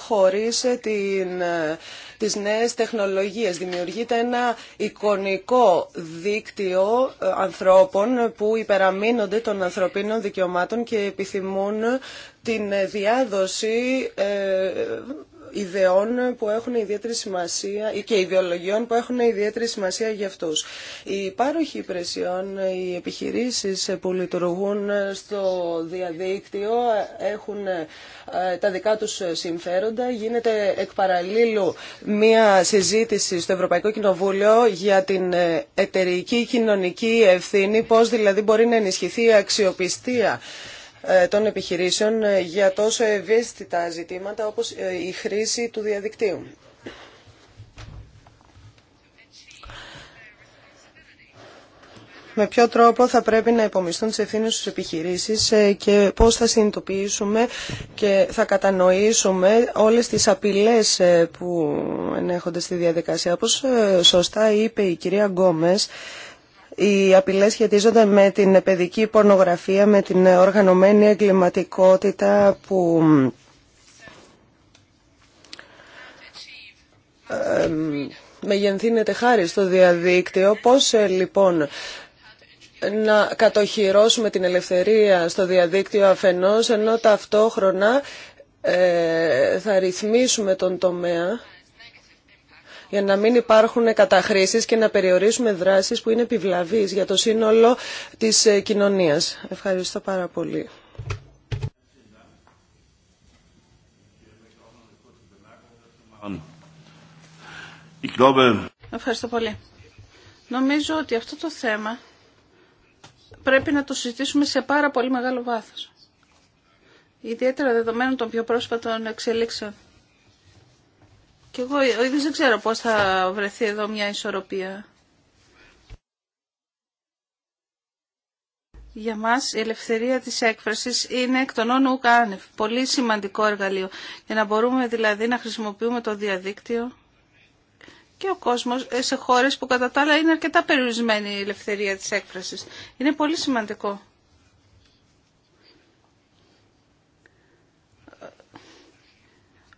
χωρίς ε, την, ε, τις νέες τεχνολογίες. Δημιουργείται ένα εικονικό δίκτυο ανθρώπων που υπεραμείνονται των ανθρωπίνων δικαιωμάτων και επιθυμούν την διάδοση ιδεών που έχουν ιδιαίτερη σημασία και ιδεολογιών που έχουν ιδιαίτερη σημασία για αυτούς. Οι πάροχοι υπηρεσιών, οι επιχειρήσεις που λειτουργούν στο διαδίκτυο έχουν ε, τα δικά τους συμφέροντα. Γίνεται εκ μία συζήτηση στο Ευρωπαϊκό Κοινοβούλιο για την ε, εταιρική κοινωνική ευθύνη, πώς δηλαδή μπορεί να ενισχυθεί η αξιοπιστία ε, των επιχειρήσεων ε, για τόσο ευαίσθητα ζητήματα όπως ε, η χρήση του διαδικτύου. Με ποιο τρόπο θα πρέπει να υπομισθούν τις ευθύνε στους επιχειρήσεις και πώς θα συνειδητοποιήσουμε και θα κατανοήσουμε όλες τις απειλές που ενέχονται στη διαδικασία. Όπως σωστά είπε η κυρία Γκόμες, οι απειλές σχετίζονται με την παιδική πορνογραφία, με την οργανωμένη εγκληματικότητα που μεγενθύνεται χάρη στο διαδίκτυο. Πώς ε, λοιπόν να κατοχυρώσουμε την ελευθερία στο διαδίκτυο αφενός, ενώ ταυτόχρονα ε, θα ρυθμίσουμε τον τομέα για να μην υπάρχουν καταχρήσει και να περιορίσουμε δράσεις που είναι επιβλαβείς για το σύνολο της ε, κοινωνίας. Ευχαριστώ πάρα πολύ. Ευχαριστώ πολύ. Νομίζω ότι αυτό το θέμα πρέπει να το συζητήσουμε σε πάρα πολύ μεγάλο βάθος. Ιδιαίτερα δεδομένων των πιο πρόσφατων εξελίξεων. Και εγώ ε, δεν ξέρω πώς θα βρεθεί εδώ μια ισορροπία. Για μας η ελευθερία της έκφρασης είναι εκ των ουκάνευ, πολύ σημαντικό εργαλείο, για να μπορούμε δηλαδή να χρησιμοποιούμε το διαδίκτυο και ο κόσμος ε, σε χώρες που κατά τα άλλα είναι αρκετά περιορισμένη η ελευθερία της έκφρασης. Είναι πολύ σημαντικό.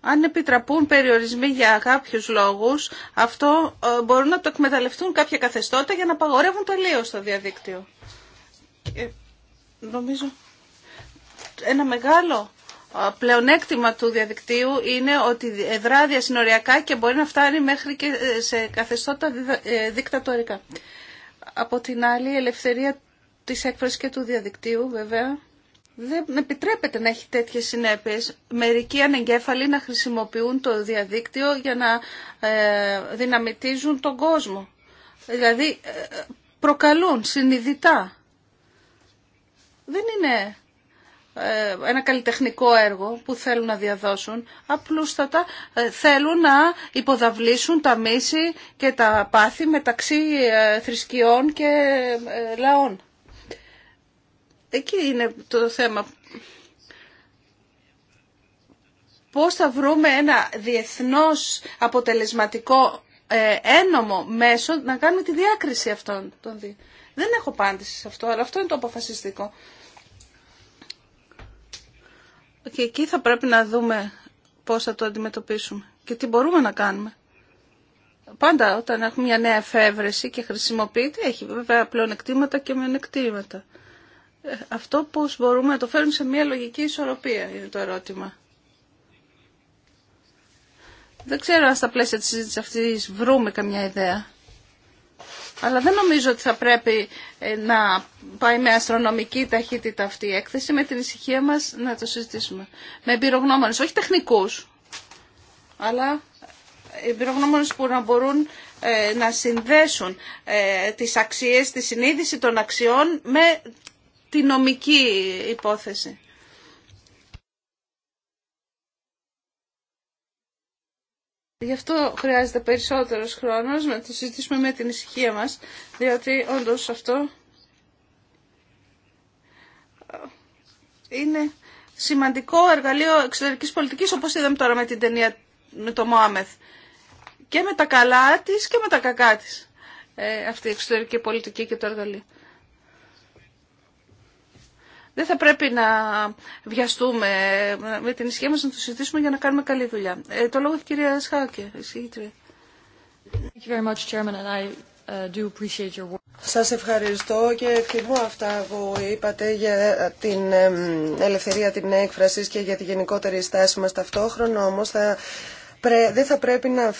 αν επιτραπούν περιορισμοί για κάποιους λόγους, αυτό ε, μπορούν να το εκμεταλλευτούν κάποια καθεστώτα για να απαγορεύουν τελείω το διαδίκτυο. Ε, νομίζω ένα μεγάλο ε, πλεονέκτημα του διαδικτύου είναι ότι δρά διασυνοριακά και μπορεί να φτάνει μέχρι και σε καθεστώτα δικτατορικά. Από την άλλη, η ελευθερία της έκφρασης και του διαδικτύου βέβαια δεν επιτρέπεται να έχει τέτοιες συνέπειες. Μερικοί ανεγκέφαλοι να χρησιμοποιούν το διαδίκτυο για να ε, δυναμητίζουν τον κόσμο. Δηλαδή ε, προκαλούν συνειδητά. Δεν είναι ε, ένα καλλιτεχνικό έργο που θέλουν να διαδώσουν. Απλούστατα θέλουν να υποδαβλήσουν τα μίση και τα πάθη μεταξύ θρησκειών και λαών. Εκεί είναι το θέμα. Πώς θα βρούμε ένα διεθνώς αποτελεσματικό ε, ένομο μέσο να κάνουμε τη διάκριση αυτών των δύο. Δεν έχω απάντηση σε αυτό, αλλά αυτό είναι το αποφασιστικό. Και εκεί θα πρέπει να δούμε πώς θα το αντιμετωπίσουμε και τι μπορούμε να κάνουμε. Πάντα όταν έχουμε μια νέα εφεύρεση και χρησιμοποιείται, έχει βέβαια πλεονεκτήματα και μειονεκτήματα αυτό πώς μπορούμε να το φέρουμε σε μια λογική ισορροπία είναι το ερώτημα. Δεν ξέρω αν στα πλαίσια της συζήτησης αυτής βρούμε καμιά ιδέα. Αλλά δεν νομίζω ότι θα πρέπει ε, να πάει με αστρονομική ταχύτητα αυτή η έκθεση, με την ησυχία μας να το συζητήσουμε. Με εμπειρογνώμονες, όχι τεχνικούς, αλλά εμπειρογνώμονες που να μπορούν ε, να συνδέσουν ε, τις αξίες, τη συνείδηση των αξιών με τη νομική υπόθεση. Γι' αυτό χρειάζεται περισσότερος χρόνος να το συζητήσουμε με την ησυχία μας, διότι όντως αυτό είναι σημαντικό εργαλείο εξωτερικής πολιτικής, όπως είδαμε τώρα με την ταινία με το Μωάμεθ. Και με τα καλά της και με τα κακά της ε, αυτή η εξωτερική πολιτική και το εργαλείο δεν θα πρέπει να βιαστούμε με την ισχύ μας να το συζητήσουμε για να κάνουμε καλή δουλειά. Ε, το λόγο έχει η κυρία Σχάκε. Σας ευχαριστώ και εκτιμώ αυτά που είπατε για την ελευθερία την έκφρασης και για τη γενικότερη στάση μας ταυτόχρονα όμως θα, δεν θα πρέπει να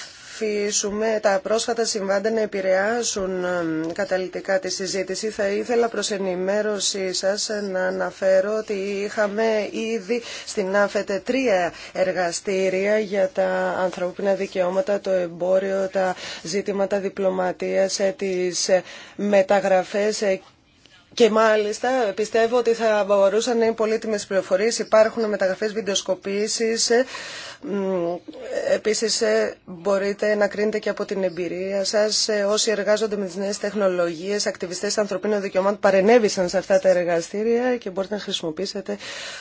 τα πρόσφατα συμβάντα να επηρεάσουν καταλητικά τη συζήτηση. Θα ήθελα προς ενημέρωσή σας να αναφέρω ότι είχαμε ήδη στην ΑΦΕΤΕ τρία εργαστήρια για τα ανθρωπίνα δικαιώματα, το εμπόριο, τα ζήτηματα διπλωματίας, ε, τις ε, μεταγραφές ε, και μάλιστα πιστεύω ότι θα μπορούσαν να είναι πολύτιμε πληροφορίε. Υπάρχουν μεταγραφές βιντεοσκοπήσεις Επίσης ε, μπορείτε να κρίνετε και από την εμπειρία σας ε, όσοι εργάζονται με τις νέες τεχνολογίες, ακτιβιστές ανθρωπίνων δικαιωμάτων παρενέβησαν σε αυτά τα εργαστήρια και μπορείτε να χρησιμοποιήσετε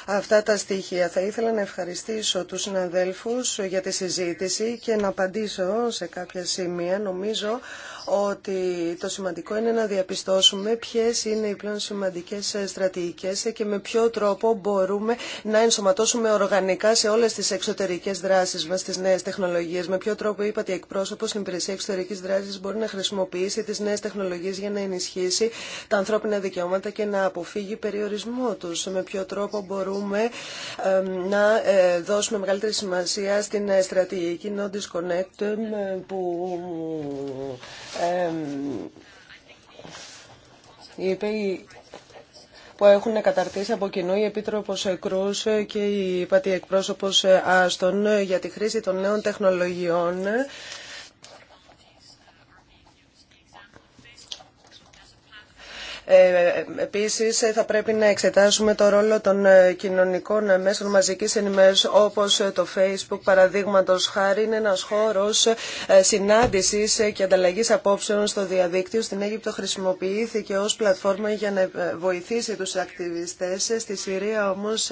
αυτά τα στοιχεία. Θα ήθελα να ευχαριστήσω τους συναδέλφους για τη συζήτηση και να απαντήσω σε κάποια σημεία. Νομίζω ότι το σημαντικό είναι να διαπιστώσουμε ποιε είναι οι πλέον σημαντικέ στρατηγικές και με ποιο τρόπο μπορούμε να ενσωματώσουμε οργανικά σε όλες τις εξωτερικές δράσεις μας τις νέες τεχνολογίες. Με ποιο τρόπο είπατε εκπρόσωπο, στην υπηρεσία εξωτερική δράση μπορεί να χρησιμοποιήσει τις νέες τεχνολογίες για να ενισχύσει τα ανθρώπινα δικαιώματα και να αποφύγει περιορισμό τους. Με ποιο τρόπο μπορούμε να ε, δώσουμε μεγαλύτερη σημασία στην στρατηγική non-disconnect που που έχουν καταρτήσει από κοινού η Επίτροπος Κρούς και η Πατή Εκπρόσωπος Άστον για τη χρήση των νέων τεχνολογιών Ε, επίσης θα πρέπει να εξετάσουμε το ρόλο των ε, κοινωνικών μέσων μαζικής ενημέρωσης όπως ε, το Facebook παραδείγματος χάρη είναι ένας χώρος συνάντησης και ανταλλαγής απόψεων στο διαδίκτυο. Στην Αίγυπτο χρησιμοποιήθηκε ως πλατφόρμα για να βοηθήσει τους ακτιβιστές. Στη Συρία όμως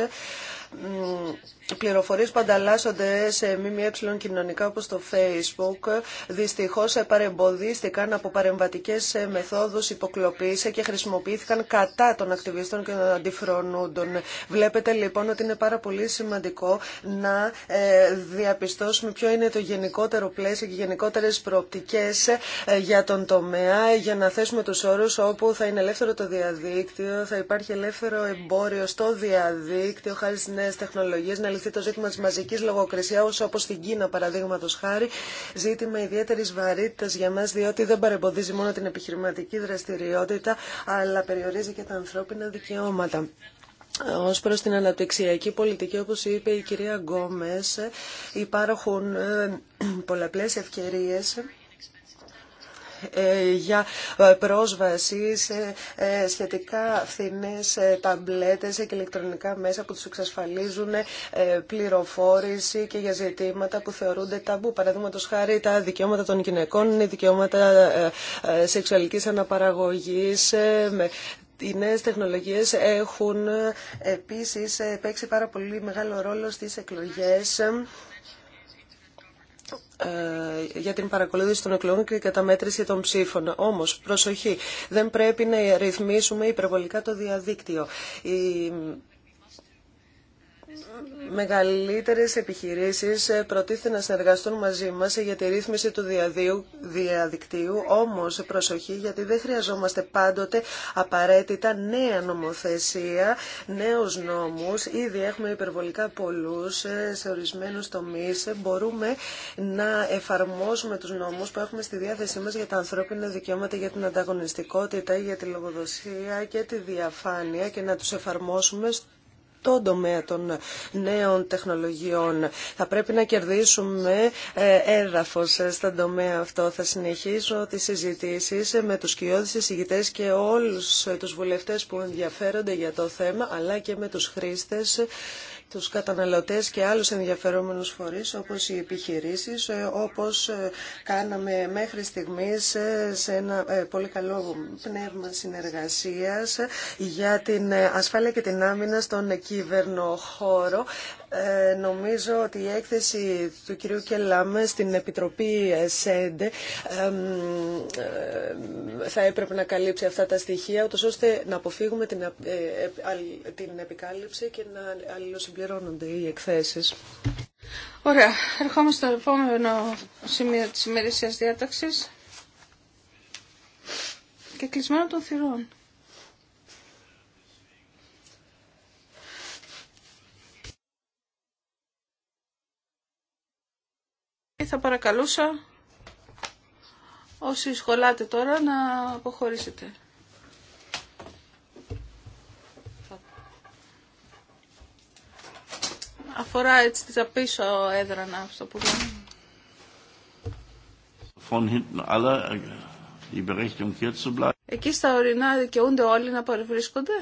πληροφορίες που ανταλλάσσονται σε ΜΜΕ κοινωνικά όπως το Facebook δυστυχώς παρεμποδίστηκαν από παρεμβατικές μεθόδους υποκλοπήσε και χρησιμοποιήθηκαν κατά των ακτιβιστών και των αντιφρονούντων. Βλέπετε λοιπόν ότι είναι πάρα πολύ σημαντικό να ε, διαπιστώσουμε ποιο είναι το γενικότερο πλαίσιο και γενικότερες προοπτικές ε, για τον τομέα για να θέσουμε τους όρους όπου θα είναι ελεύθερο το διαδίκτυο, θα υπάρχει ελεύθερο εμπόριο στο διαδίκτυο χάρη στις νέες τεχνολογίες, επαναληφθεί το ζήτημα τη μαζική λογοκρισία, όπω στην Κίνα παραδείγματο χάρη, ζήτημα ιδιαίτερη βαρύτητα για μα, διότι δεν παρεμποδίζει μόνο την επιχειρηματική δραστηριότητα, αλλά περιορίζει και τα ανθρώπινα δικαιώματα. Ω προ την αναπτυξιακή πολιτική, όπω είπε η κυρία Γκόμε, υπάρχουν ε, πολλαπλέ ευκαιρίε. Ε, για ε, πρόσβαση σε ε, σχετικά φθηνές ταμπλέτες και ηλεκτρονικά μέσα που τους εξασφαλίζουν πληροφόρηση και για ζητήματα που θεωρούνται ταμπού. Παραδείγματο χάρη τα δικαιώματα των γυναικών είναι δικαιώματα σεξουαλικής αναπαραγωγής με οι νέε τεχνολογίες έχουν επίση παίξει πάρα πολύ μεγάλο ρόλο στι εκλογέ. Ε, για την παρακολούθηση των εκλογών και καταμέτρηση των ψήφων. Όμως, προσοχή, δεν πρέπει να ρυθμίσουμε υπερβολικά το διαδίκτυο μεγαλύτερες επιχειρήσεις ε, προτίθεται να συνεργαστούν μαζί μας για τη ρύθμιση του διαδίου, διαδικτύου, όμως προσοχή γιατί δεν χρειαζόμαστε πάντοτε απαραίτητα νέα νομοθεσία, νέους νόμους, ήδη έχουμε υπερβολικά πολλούς ε, σε ορισμένους τομείς, μπορούμε να εφαρμόσουμε τους νόμους που έχουμε στη διάθεσή μας για τα ανθρώπινα δικαιώματα, για την ανταγωνιστικότητα, για τη λογοδοσία και τη διαφάνεια και να τους εφαρμόσουμε τον τομέα των νέων τεχνολογιών. Θα πρέπει να κερδίσουμε ε, έδαφος στον τομέα αυτό. Θα συνεχίσω τις συζητήσεις με τους κοιόδης εισηγητές και όλους τους βουλευτές που ενδιαφέρονται για το θέμα, αλλά και με τους χρήστες τους καταναλωτές και άλλους ενδιαφερόμενους φορείς όπως οι επιχειρήσεις, ε, όπως ε, κάναμε μέχρι στιγμής ε, σε ένα πολύ καλό πνεύμα συνεργασίας για την ασφάλεια και την άμυνα στον κύβερνο κυβερνοχώρο. Νομίζω ότι η έκθεση του κυρίου Κελάμε στην Επιτροπή ΣΕΝΤΕ θα έπρεπε να καλύψει αυτά τα στοιχεία, ώστε να αποφύγουμε την επικάλυψη και να αλληλοσυμπληρώσουμε συμπληρώνονται οι εκθέσεις. Ωραία. Ερχόμαστε στο επόμενο σημείο της ημερήσιας διάταξης και κλεισμένο των θυρών. Θα παρακαλούσα όσοι σχολάτε τώρα να αποχωρήσετε. αφορά έτσι τις απίσω έδρανα αυτό που λέμε. Von hinten alle, die Berechtigung hier zu bleiben. Εκεί στα ορεινά δικαιούνται όλοι να παρευρίσκονται.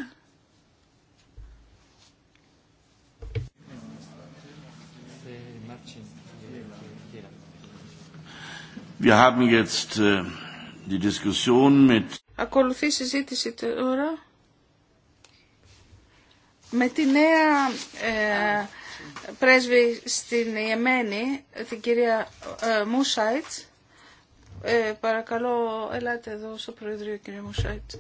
Wir haben jetzt äh, die Diskussion mit Ακολουθεί η συζήτηση τώρα με τη νέα ε, πρέσβη στην Ιεμένη, την κυρία ε, Μούσαιτ. Ε, παρακαλώ, ελάτε εδώ στο Προεδρείο, κύριε Μούσαιτ.